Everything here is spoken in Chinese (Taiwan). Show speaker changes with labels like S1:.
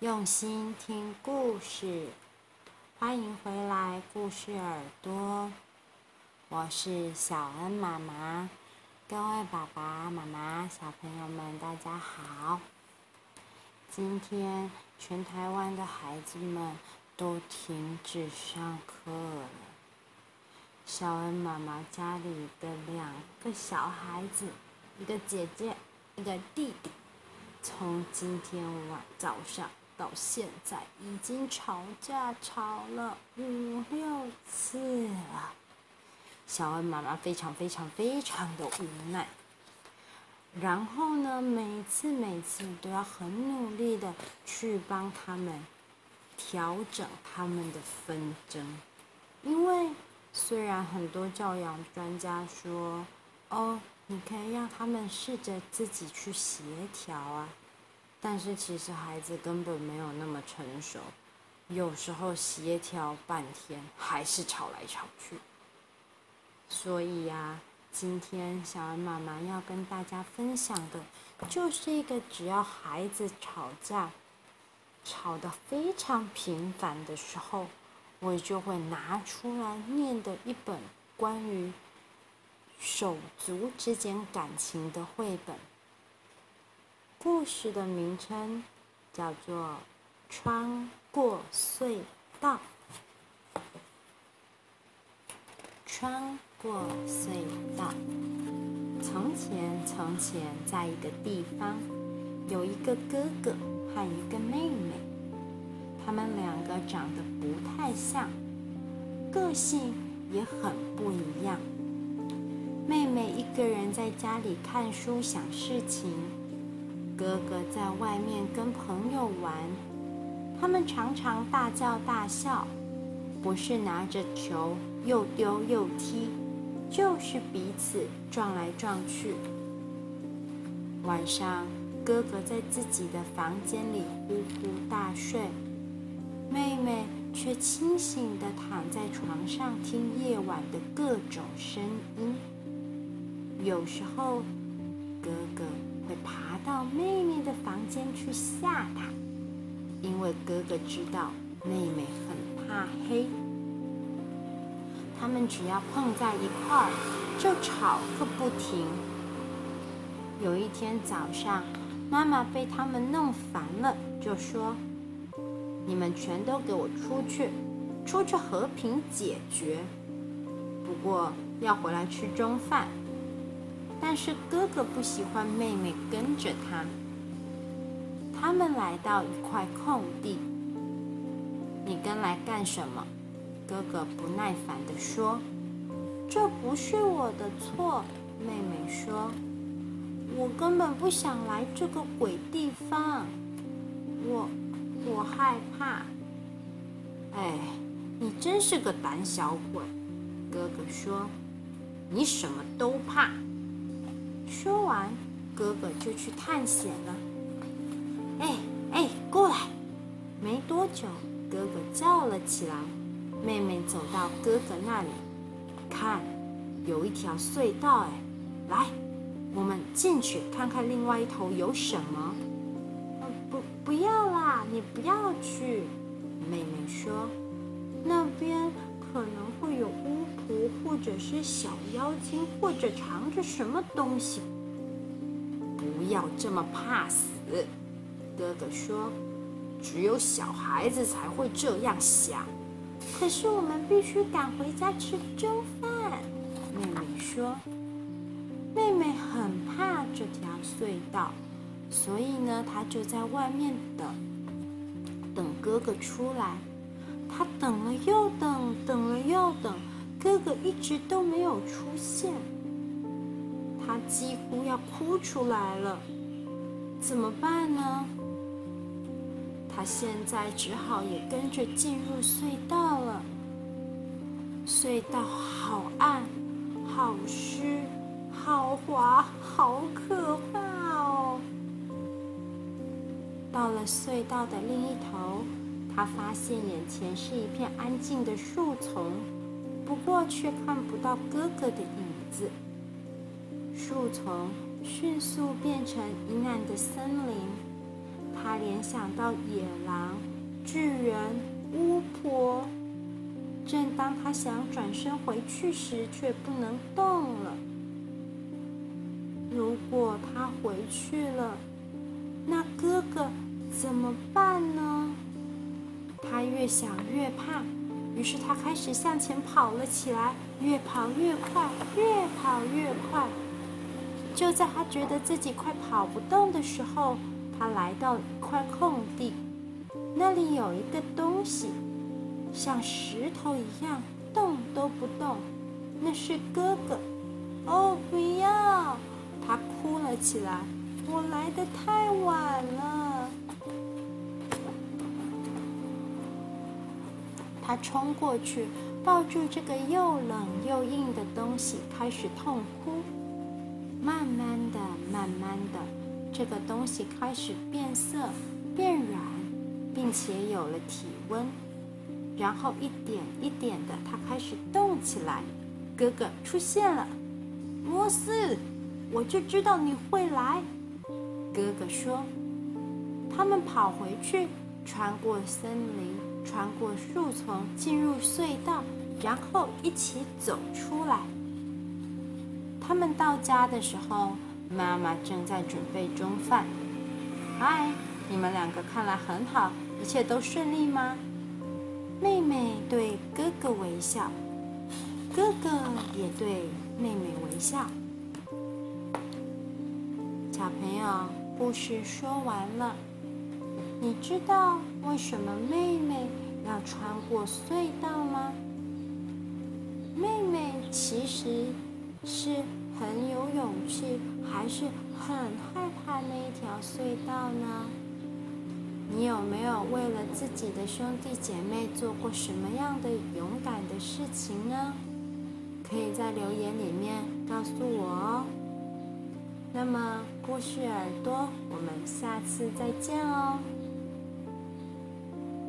S1: 用心聽故事，歡迎回來，故事耳朵，我是小恩媽媽，各位爸爸媽媽、小朋友們，大家好。今天全台灣的孩子們都停止上課了。小恩媽媽家裡的兩個小孩子，一個姐姐，一個弟弟，從今天晚早上。到現在已經吵架吵了五六次了，小恩媽媽非常非常非常的無奈。然後呢，每次每次都要很努力的去幫他們調整他們的紛爭，因為雖然很多教養專家說，哦，你可以讓他們試着自己去協調啊。但是其實孩子根本沒有那麼成熟，有時候協調半天還是吵來吵去。所以呀、啊，今天小恩媽媽要跟大家分享的，就是一個只要孩子吵架，吵得非常頻繁的時候，我就會拿出來念的一本關於手足之間感情的繪本。故事的名稱叫做《穿過隧道》。穿過隧道。從前，從前，在一個地方，有一個哥哥和一個妹妹。他們兩個長得不太像，個性也很不一樣。妹妹一個人在家裡看書，想事情。哥哥在外面跟朋友玩，他們常常大叫大笑，不是拿着球又丟又踢，就是彼此撞來撞去。晚上，哥哥在自己的房間裡呼呼大睡，妹妹卻清醒地躺在床上聽夜晚的各種聲音。有時候，哥哥。會爬到妹妹的房間去嚇她，因為哥哥知道妹妹很怕黑。他們只要碰在一塊兒，就吵個不停。有一天早上，媽媽被他們弄煩了，就說：“你們全都給我出去，出去和平解決。不過要回來吃中飯。”但是哥哥不喜歡妹妹跟着他。他們來到一塊空地。“你跟來幹什麼？”哥哥不耐煩地說。“這不是我的錯。”妹妹說，“我根本不想來這個鬼地方，我，我害怕。”“哎，你真是個膽小鬼！”哥哥說，“你什麼都怕。”說完，哥哥就去探險了。哎哎，過來！沒多久，哥哥叫了起來。妹妹走到哥哥那裡，看，有一條隧道。哎，來，我們進去看看另外一頭有什麼。呃，不，不要啦，你不要去。妹妹說：“那邊。”可能會有巫婆，或者是小妖精，或者藏着什麼東西。不要這麼怕死，哥哥說，只有小孩子才會這樣想。可是我們必須趕回家吃中飯，妹妹說。妹妹很怕這條隧道，所以呢，她就在外面等，等哥哥出來。她等了又等，等了又等，哥哥一直都沒有出現。她幾乎要哭出來了，怎麼辦呢？她現在只好也跟着進入隧道了。隧道好暗，好濕，好滑，好可怕哦！到了隧道的另一頭。他發現眼前是一片安靜的樹叢，不過卻看不到哥哥的影子。樹叢迅速變成陰暗的森林，他聯想到野狼、巨人、巫婆。正當他想轉身回去時，卻不能動了。如果他回去了，那哥哥怎麼辦呢？他越想越怕，於是他開始向前跑了起來，越跑越快，越跑越快。就在他覺得自己快跑不動的時候，他來到一塊空地，那裡有一個東西，像石頭一樣動都不動。那是哥哥！哦，oh, 不要！他哭了起來，我來得太晚了。他衝過去，抱住這個又冷又硬的東西，開始痛哭。慢慢的、慢慢的，這個東西開始變色、變軟，並且有了體溫。然後一點一點的，他開始動起來。哥哥出現了，蘿絲，我就知道你會來。哥哥說：“他們跑回去，穿過森林。”穿過樹叢，進入隧道，然後一起走出來。他們到家的時候，媽媽正在準備中飯。嗨，你們兩個看來很好，一切都順利嗎？妹妹對哥哥微笑，哥哥也對妹妹微笑。小朋友，故事說完了。你知道為什麼妹妹要穿過隧道嗎？妹妹其實是很有勇氣，還是很害怕那一條隧道呢？你有沒有為了自己的兄弟姐妹做過什麼樣的勇敢的事情呢？可以在留言裡面告訴我哦。那麼，故事耳朵，我們下次再見哦。